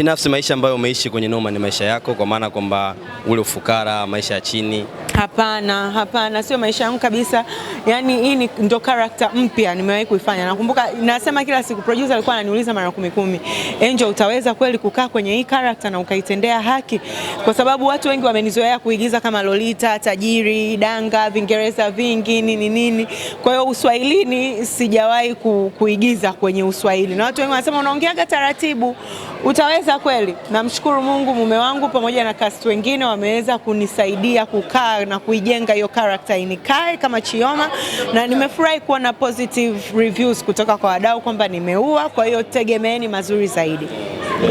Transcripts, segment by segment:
binafsi maisha ambayo umeishi kwenye Noma ni maisha yako, kwa maana kwamba ule ufukara, maisha ya chini? Hapana, hapana, sio maisha yangu kabisa. Yani hii ni ndo karakta mpya nimewahi kuifanya. Nakumbuka nasema kila siku producer alikuwa ananiuliza mara kumi kumi, Angel, utaweza kweli kukaa kwenye hii karakta na ukaitendea haki? Kwa sababu watu wengi wamenizoea kuigiza kama Lolita, tajiri, danga, vingereza vingi, nini nini. Kwa hiyo uswahilini sijawahi ku, kuigiza kwenye uswahili, na watu wengi wanasema unaongeaga taratibu, utaweza kabisa kweli namshukuru Mungu, mume wangu pamoja na cast wengine wameweza kunisaidia kukaa na kuijenga hiyo karakta inikae kama Chioma, na nimefurahi kuwa na positive reviews kutoka kwa wadau kwamba nimeua. Kwa hiyo tegemeeni mazuri zaidi.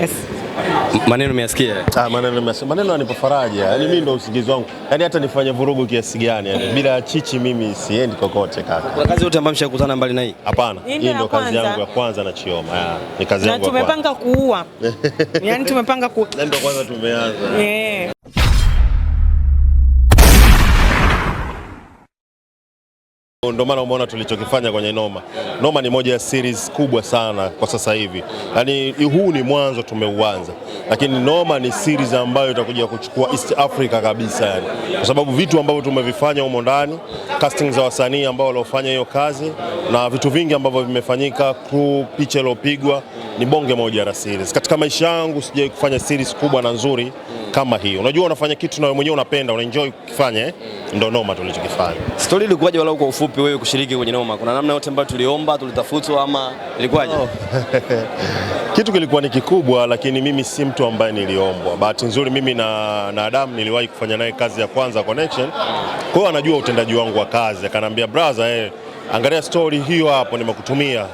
Yes. Maneno umeyasikia? Ah, maneno umeyasikia. Maneno yanipa faraja. Yaani mimi ndo usingizi wangu. Yaani hata nifanye vurugu kiasi gani yani, bila chichi mimi siendi kokote kaka. Kuna kazi yote ambayo mshakutana mbali na hii? Hapana. Hii ndo kazi yangu ya kwanza na Chioma. Ah, ni kazi yangu ya kwanza. Na tumepanga kuua. Yaani tumepanga ku. Yaani Ndio kwanza tumeanza. Eh. Ndio maana umeona tulichokifanya kwenye Noma. Noma ni moja ya series kubwa sana kwa sasa hivi, yaani huu ni mwanzo tumeuanza, lakini Noma ni series ambayo itakuja kuchukua East Africa kabisa, yani kwa sababu vitu ambavyo tumevifanya humo ndani, casting za wasanii ambao waliofanya hiyo kazi na vitu vingi ambavyo vimefanyika, crew, picha iliyopigwa ni bonge moja la series. Katika maisha yangu sijai kufanya series kubwa na nzuri kama hii. Unajua unafanya kitu na wewe mwenyewe unapenda, unaenjoy kufanya eh? Ndio Noma tulichokifanya. Story ilikuwaje walau kwa ufupi wewe kushiriki kwenye Noma? Kuna namna yote ambayo tuliomba, tulitafutwa ama ilikuwaje? Oh. Kitu kilikuwa ni kikubwa, lakini mimi si mtu ambaye niliombwa. Bahati nzuri mimi na, na Adam niliwahi kufanya naye kazi ya kwanza Connection. Kwa hiyo anajua utendaji wangu wa kazi. akanambia brother, eh, angalia story hiyo hapo nimekutumia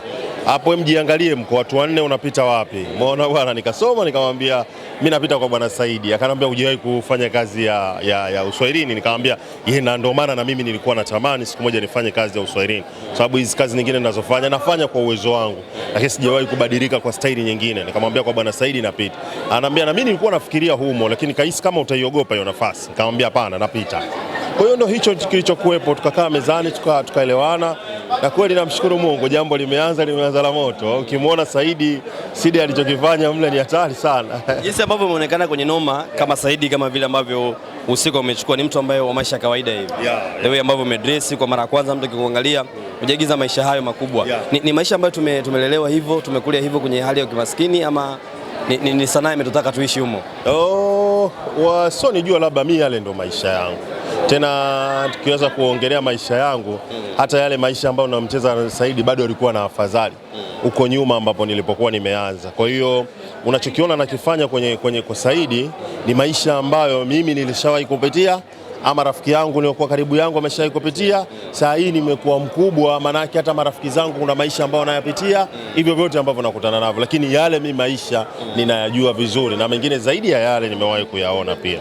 hapo mjiangalie, mko watu wanne, unapita wapi? Umeona bwana, nikasoma nikamwambia mimi napita kwa bwana Saidi, akanambia hujawahi kufanya kazi ya, ya, ya uswahilini? Nikamwambia yeye, na ndio maana na mimi nilikuwa natamani siku moja nifanye kazi ya uswahilini, sababu hizi kazi nyingine ninazofanya nafanya kwa uwezo wangu, lakini sijawahi kubadilika kwa staili nyingine. Nikamwambia kwa bwana Saidi napita, anaambia na mimi nilikuwa nafikiria humo, lakini kahisi kama utaiogopa hiyo nafasi. Nikamwambia hapana, napita. Kwa hiyo ndio hicho kilichokuwepo, tukakaa mezani tukaelewana, na kweli namshukuru Mungu, jambo limeanza limeanza la moto. Ukimwona Saidi Sidi alichokifanya mle ni hatari sana jinsi ambavyo imeonekana kwenye noma kama Saidi, kama vile ambavyo usiku umechukua, ni mtu ambaye wa maisha ya kawaida hivi yeah, yeah. Lewe ambavyo umedress kwa mara ya kwanza, mtu akikuangalia hujaigiza maisha hayo makubwa yeah. Ni, ni maisha ambayo tume, tumelelewa hivyo tumekulia hivyo kwenye hali ya kimaskini ama ni, ni, ni sanaa imetutaka tuishi humo? Oh, so labda mi yale ndo maisha yangu tena tukiweza kuongelea maisha yangu mm. hata yale maisha ambayo namcheza na Saidi bado alikuwa na afadhali huko mm. nyuma ambapo nilipokuwa nimeanza. Kwa hiyo unachokiona nakifanya kwenye, kwenye kwa Saidi ni maisha ambayo mimi nilishawahi kupitia ama rafiki yangu niokuwa karibu yangu ameshawahi kupitia. Saa hii nimekuwa mkubwa, maanake hata marafiki zangu kuna maisha ambayo wanayapitia hivyo vyote ambavyo nakutana navyo, lakini yale mi maisha ninayajua vizuri, na mengine zaidi ya yale nimewahi kuyaona pia.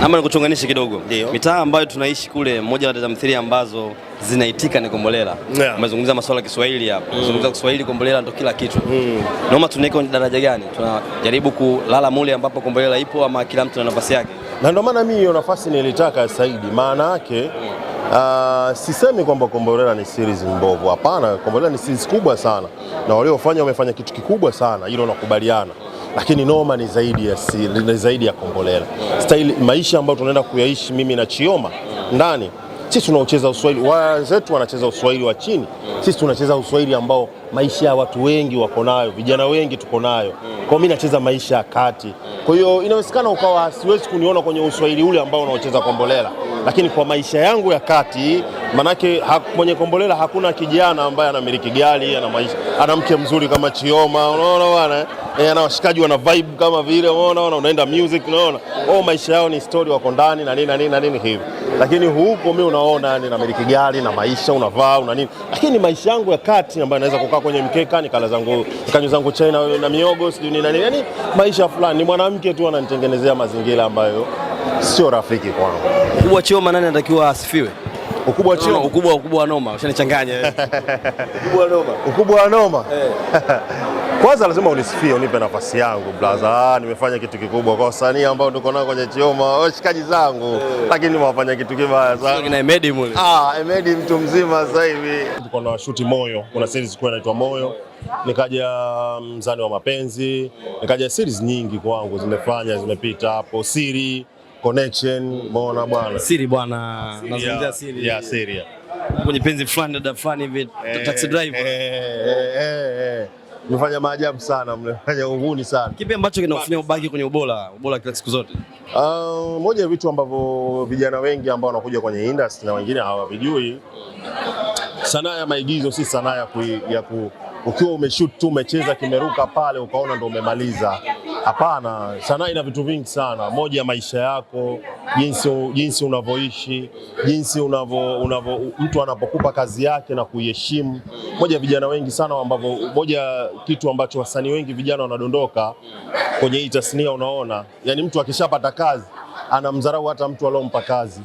Naomba nikuchunganishe kidogo. Mitaa ambayo tunaishi kule, moja ya tamthilia ambazo zinaitika ni Kombolela. Yeah. Umezungumza masuala ya Kiswahili hapo. Mm. Umezungumza Kiswahili, Kombolela ndo kila kitu. Mm. Naomba tunaweka kwenye daraja gani? Tunajaribu kulala mule ambapo Kombolela ipo ama kila mtu na nafasi yake? Na ndio maana mimi hiyo nafasi nilitaka Saidi, maana yake mm. Uh, sisemi kwamba Kombolela ni series mbovu, hapana. Kombolela ni series kubwa sana, na waliofanya wamefanya kitu kikubwa sana, hilo nakubaliana lakini Noma ni zaidi ya, si, ni zaidi ya Kombolela style maisha ambayo tunaenda kuyaishi mimi na Chioma ndani sisi tunaocheza uswahili wenzetu wanacheza uswahili wa chini, sisi tunacheza uswahili ambao maisha ya watu wengi wako nayo, vijana wengi tuko nayo. Kwa mimi nacheza maisha ya kati, kwa hiyo inawezekana ukawa siwezi kuniona kwenye uswahili ule ambao unaocheza Kombolela, lakini kwa maisha yangu ya kati Manake ha, mwenye Kombolela hakuna kijana ambaye anamiliki gari, ana maisha, ana mke mzuri kama Chioma, unaona bwana eh, eh ana washikaji wana vibe kama vile, unaona bwana, unaenda music, unaona oh, maisha yao ni story, wako ndani na nini na nini na nini hivi. Lakini huko mimi unaona, yani namiliki gari na maisha, unavaa una nini, lakini maisha yangu ya kati ambayo naweza kukaa kwenye mkeka nikala zangu nikanywa zangu chai na na miogo sijui nini na nini, yani maisha fulani, ni mwanamke tu ananitengenezea mazingira ambayo sio rafiki kwangu. Huwa Chioma, nani anatakiwa asifiwe? Ukubwa no, ukubwa ukubwa wa noma ushanichanganya. ukubwa wa noma, ukubwa wa noma eh. Kwanza lazima unisifie unipe nafasi yangu Ah, nimefanya kitu kikubwa kwa wasanii ambao niko nao kwenye Chioma, washikaji zangu eh. Lakini nimewafanya kitu kibaya sana Emedi mule. Ah, Emedi mtu mzima sasa hivi. Tuko na shoot Moyo, kuna series kwa inaitwa Moyo, nikaja mm, Mzani wa Mapenzi, nikaja series nyingi kwangu zimefanya zimepita hapo siri connection mbona bwana siri bwana, nazungumzia siri ya siri kwenye penzi fulani, dada fulani hivi, eh, taxi driver eh, eh, mefanya maajabu sana, mnafanya uhuni sana. Kipi ambacho kinafanya ubaki kwenye ubora ubora kila siku zote? Uh, moja ya vitu ambavyo vijana wengi ambao wanakuja kwenye industry na wengine hawavijui, sanaa ya maigizo si sanaa ya ku, ya ku ukiwa umeshoot tu umecheza kimeruka pale ukaona ndo umemaliza Hapana, sanaa ina vitu vingi sana. Moja ya maisha yako, jinsi, jinsi unavyoishi, jinsi unavyo, unavyo, mtu anapokupa kazi yake na kuiheshimu. Moja ya vijana wengi sana ambavyo, moja kitu ambacho wasanii wengi vijana wanadondoka kwenye hii tasnia, unaona yani mtu akishapata kazi anamdharau hata mtu alompa kazi,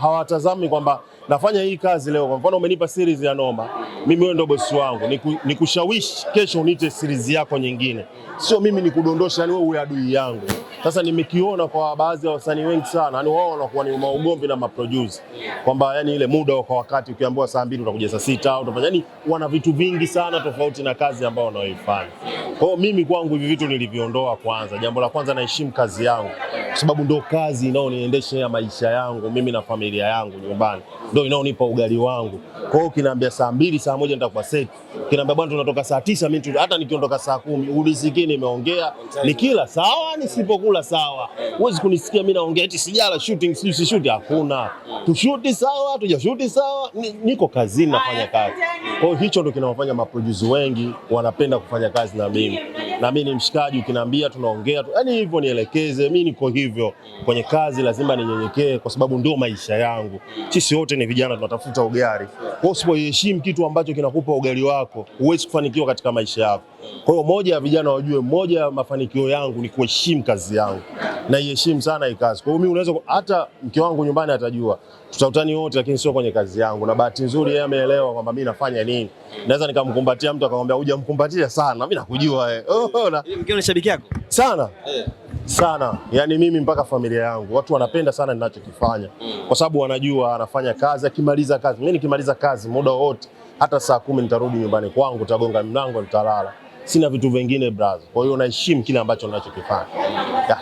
hawatazami hawa kwamba nafanya hii kazi leo. Kwa mfano umenipa series ya noma mimi wewe ndo bosi wangu, nikushawishi ku, ni kesho unite series yako nyingine, sio mimi nikudondosha, yani wewe uwe adui yangu. Sasa nimekiona kwa baadhi ya wasanii wengi sana, yani wao wanakuwa ni maugomvi na maproducer kwamba yani ile muda kwa wakati, ukiambiwa saa mbili utakuja saa sita utafanya, yani wana vitu vingi sana tofauti na kazi ambayo wanaoifanya. Kwa hiyo mimi kwangu hivi vitu niliviondoa kwanza. Jambo la kwanza, naheshimu kazi yangu kwa sababu ndo kazi inaoniendesha ya maisha yangu mimi na familia yangu nyumbani, ndo inaonipa ugali wangu. Kwa hiyo kinaambia saa mbili saa moja nitakuwa set, kinaambia bwana, tunatoka saa tisa mimi hata nikiondoka saa kumi unisikii nimeongea, nikila sawa, nisipokula sawa. Huwezi kunisikia mimi naongea eti sijala shooting, si shoot, hakuna tushuti sawa, tujashuti sawa, niko kazini, nafanya kazi. Kwa hiyo hicho ndo kinawafanya maproducer wengi wanapenda kufanya kazi na mimi na mimi ni mshikaji, ukiniambia tunaongea tu, yani hivyo nielekeze. Mimi niko hivyo kwenye kazi, lazima ninyenyekee, kwa sababu ndio maisha yangu. Sisi wote ni vijana, tunatafuta ugali. Kwa usipoheshimu kitu ambacho kinakupa ugali wako, huwezi kufanikiwa katika maisha yako. Kwa hiyo moja ya vijana wajue, moja ya mafanikio yangu ni kuheshimu kazi yangu naiheshimu sana hii kazi. Kwa hiyo mimi unaweza hata mke wangu nyumbani atajua tutakutani wote, lakini sio kwenye kazi yangu, na bahati nzuri yeye ameelewa kwamba mimi nafanya nini. Naweza nikamkumbatia mtu akamwambia hujamkumbatia sana, mimi nakujua wewe. Eh. Oh, na mke ni shabiki yako sana eh. sana, yaani mimi mpaka familia yangu watu wanapenda sana ninachokifanya, mm. kwa sababu wanajua anafanya kazi. Akimaliza kazi, mimi nikimaliza kazi muda wote, hata saa kumi nitarudi nyumbani kwangu, tagonga mlango, nitalala sina vitu vingine brother. Kwa hiyo naheshimu kile ambacho ninachokifanya,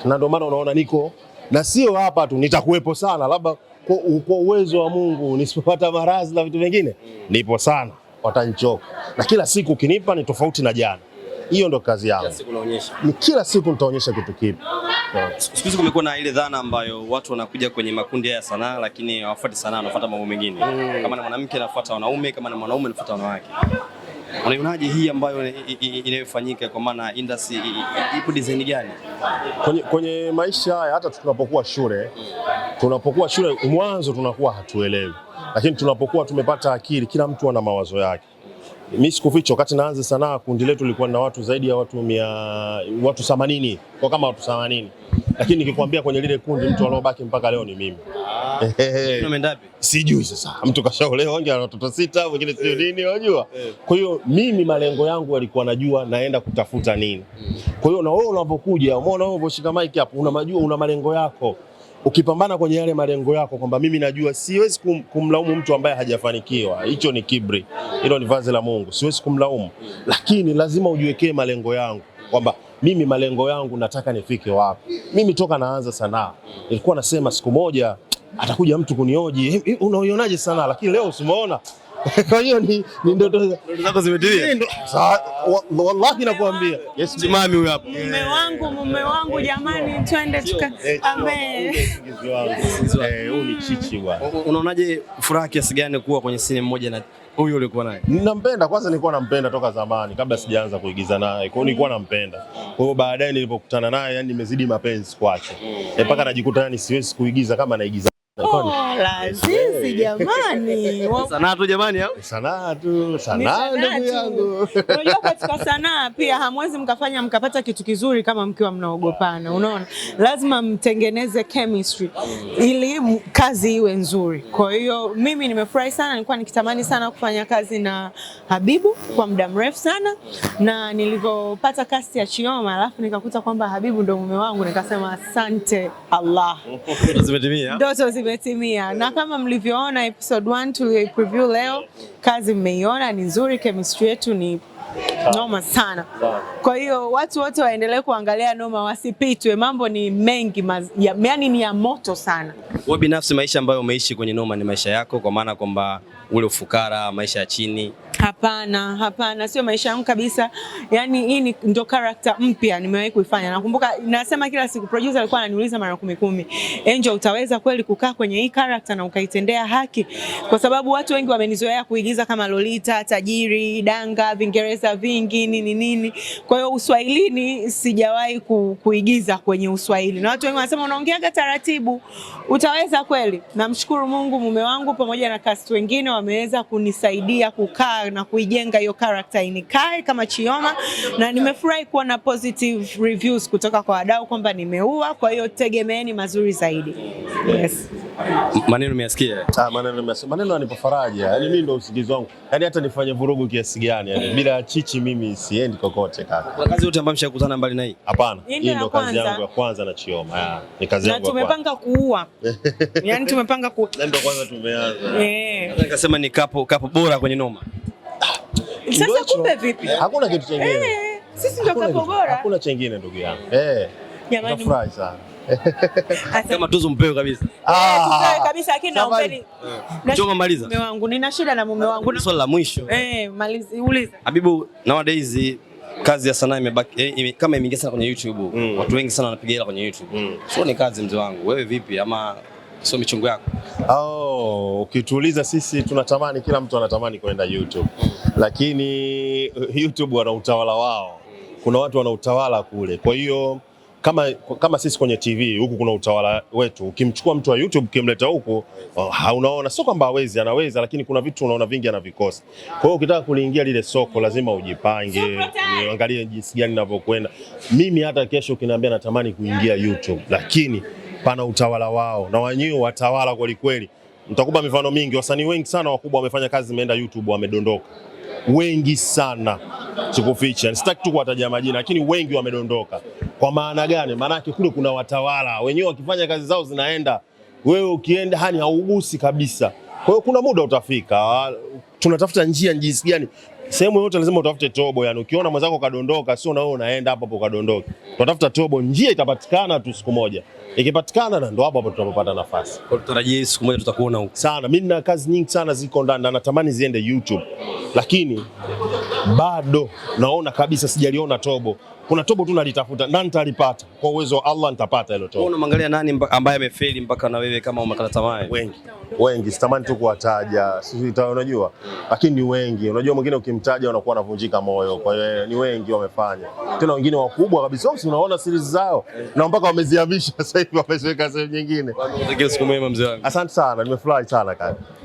na ndio maana unaona niko na sio hapa tu, nitakuwepo sana, labda kwa uwezo wa Mungu nisipopata maradhi na vitu vingine, nipo sana, watanichoka na kila siku ukinipa ni tofauti na jana. Hiyo ndo kazi yangu, ni kila siku nitaonyesha kitu kipi. Siku hizi kumekuwa na ile dhana ambayo watu wanakuja kwenye makundi ya sanaa, lakini hawafuati sanaa, wanafuata mambo mengine. Mm. Kama na mwanamke anafuata wanaume, kama na mwanaume anafuata wanawake. Unaionaje hii ambayo inayofanyika kwa maana industry ipo design gani kwenye, kwenye maisha haya? Hata tunapokuwa shule tunapokuwa shule mwanzo tunakuwa hatuelewi, lakini tunapokuwa tumepata akili, kila mtu ana mawazo yake. Mimi sikuficha, wakati naanza sanaa, kundi letu lilikuwa na watu zaidi ya watu mia, watu 80 kwa kama watu 80, lakini nikikwambia kwenye lile kundi mtu alobaki mpaka leo ni mimi. Sijui sasa, mtu kashaolewa, wengi ana watoto sita, wengine sio nini, unajua. Kwa hiyo mimi malengo yangu yalikuwa najua naenda kutafuta nini. Mm. Kwa hiyo na wewe unapokuja, umeona wewe unaposhika mic hapo, unajua una malengo yako ukipambana kwenye yale malengo yako, kwamba mimi najua siwezi kum, kumlaumu mtu ambaye hajafanikiwa. Hicho ni kibri, hilo ni vazi la Mungu, siwezi kumlaumu, lakini lazima ujiwekee malengo yangu kwamba mimi malengo yangu nataka nifike wapi. Mimi toka naanza sanaa nilikuwa nasema siku moja atakuja mtu kunioji, unaionaje sana, lakini leo usimeona. Kwa hiyo ni ni ndoto zako zimetimia, wallahi nakwambia. Yes, mami huyo hapo, mume wangu, mume wangu, jamani, twende tuka amen. Huyu ni chichi bwana. Unaonaje, furaha kiasi gani kuwa kwenye sinema moja na huyu ulikuwa naye? Ninampenda kwanza, nilikuwa nampenda toka zamani kabla sijaanza kuigiza naye, kwa hiyo nilikuwa nampenda. Kwa hiyo baadaye nilipokutana naye, yani nimezidi mapenzi kwake mpaka najikuta yani siwezi kuigiza kama naigiza Lazizi jamani, sanaa tu jamani, sanaa tu, sanaa ndugu yangu. Unajua katika sanaa pia hamwezi mkafanya mkapata kitu kizuri kama mkiwa mnaogopana, unaona, lazima mtengeneze chemistry ili kazi iwe nzuri. Kwa hiyo mimi nimefurahi sana, nilikuwa nikitamani sana kufanya kazi na Habibu kwa muda mrefu sana, na nilivyopata kasti ya Chioma alafu nikakuta kwamba Habibu ndo mume wangu, nikasema asante Allah, ndoto zimetimia imetimia, na kama mlivyoona episode 1 tuliyoipreview leo, kazi mmeiona, ni nzuri, chemistry yetu ni noma sana. Kwa hiyo watu wote waendelee kuangalia Noma, wasipitwe, mambo ni mengi yaani ya, ni ya moto sana. Wewe binafsi maisha ambayo umeishi kwenye Noma ni maisha yako, kwa maana kwamba ule ufukara, maisha ya chini? Hapana, hapana, sio maisha yangu kabisa. Yaani hii ni ndo karakta mpya nimewahi kuifanya. Nakumbuka nasema kila siku producer alikuwa ananiuliza mara kumi kumi, Angel, utaweza kweli kukaa kwenye hii character na ukaitendea haki? Kwa sababu watu wengi wamenizoea kuigiza kama Lolita, tajiri, danga, Vingereza vingi nyingine ni nini. Kwa hiyo uswahilini sijawahi ku, kuigiza kwenye uswahili, na watu wengi wanasema unaongeaga taratibu, utaweza kweli. Namshukuru Mungu, mume wangu pamoja na cast wengine wameweza kunisaidia kukaa na kuijenga hiyo character inikae kama Chioma, na nimefurahi kuwa na positive reviews kutoka kwa wadau kwamba nimeua. Kwa hiyo tegemeeni mazuri zaidi. Yes. Maneno umeyasikia? Ah, maneno umeyasikia. Maneno yanipa faraja. Yaani mimi ndio usingizi wangu. Yaani hata nifanye vurugu kiasi gani, yani bila chichi mimi siendi kokote kaka. Kwa kazi yote ambayo mshakutana mbali na hii? Hapana. Hii ndio kazi yangu ya kwanza na Chioma. Ni kazi yangu ya kwanza. Na tumepanga kuua. Yaani tumepanga ku. Na yaani Ndio kwanza tumeanza. Eh. Sasa nikasema ni kapo kapo bora kwenye noma. Sasa kumbe vipi? Hakuna kitu kingine. Eh, sisi ndio kapo bora. Hakuna chengine ndugu yangu. Eh. Jamani. Nafurahi sana. Kama tuzo mpeo kabisa. Ah, eh, ah, kabisa lakini eh, na naombeni. Choma maliza. Mume wangu nina shida na mume wangu. Na swali la mwisho. Eh, malizi uliza. Habibu, nowadays kazi ya sanaa imebaki eh, kama imeingia sana kwenye YouTube. Mm. Watu wengi sana wanapiga hela kwenye YouTube. Mm. Sio ni kazi mzee wangu. Wewe vipi ama sio michongo yako? Oh, ukituuliza sisi tunatamani kila mtu anatamani kwenda YouTube. Mm. Lakini eh, YouTube wana utawala wao. Mm. Kuna watu wana utawala kule. Kwa hiyo kama, kama sisi kwenye TV huku kuna utawala wetu, ukimchukua mtu wa YouTube ukimleta huku oh, unaona sio kwamba hawezi, anaweza, lakini kuna vitu unaona vingi anavikosa. Kwa hiyo ukitaka kuliingia lile soko lazima ujipange, niangalie jinsi gani ninavyokwenda mimi. Hata kesho ukiniambia natamani kuingia YouTube, lakini pana utawala wao na wanyu watawala kweli. Mtakupa mifano mingi, wasanii wengi sana wakubwa wamefanya kazi, zimeenda YouTube wamedondoka wengi sana, sikuficha, sitaki tu kuwataja majina, lakini wengi wamedondoka. Kwa maana gani? Maanake kule kuna watawala wenyewe, wakifanya kazi zao zinaenda, wewe ukienda hani haugusi kabisa. Kwa hiyo kuna muda utafika, tunatafuta njia jinsi gani sehemu yote lazima utafute tobo. Yani ukiona mwenzako kadondoka, sio na wewe unaenda hapo hapo kadondoke, tutatafuta tobo, njia itapatikana tu siku moja. Ikipatikana na ndo hapo hapo tutapata nafasi. Kwa tutarajie siku moja tutakuona huko sana. Mimi nina kazi nyingi sana ziko ndani na natamani ziende YouTube, lakini bado naona kabisa sijaliona tobo. Kuna tobo tu nalitafuta na nitalipata kwa uwezo wa Allah, nitapata hilo tobo. Unamwangalia nani ambaye amefeli mpaka na wewe kama umekata tamaa? Wengi wengi, sitamani tu kuwataja, sisi unajua, lakini ni wengi. Unajua mwingine ukimtaja unakuwa unavunjika moyo. Kwa hiyo eh, ni wengi wamefanya, tena wengine wakubwa kabisa, unaona series zao na mpaka wamezihamisha sasa hivi, wameziweka sehemu nyingine. Asante sana, nimefurahi sana kaka.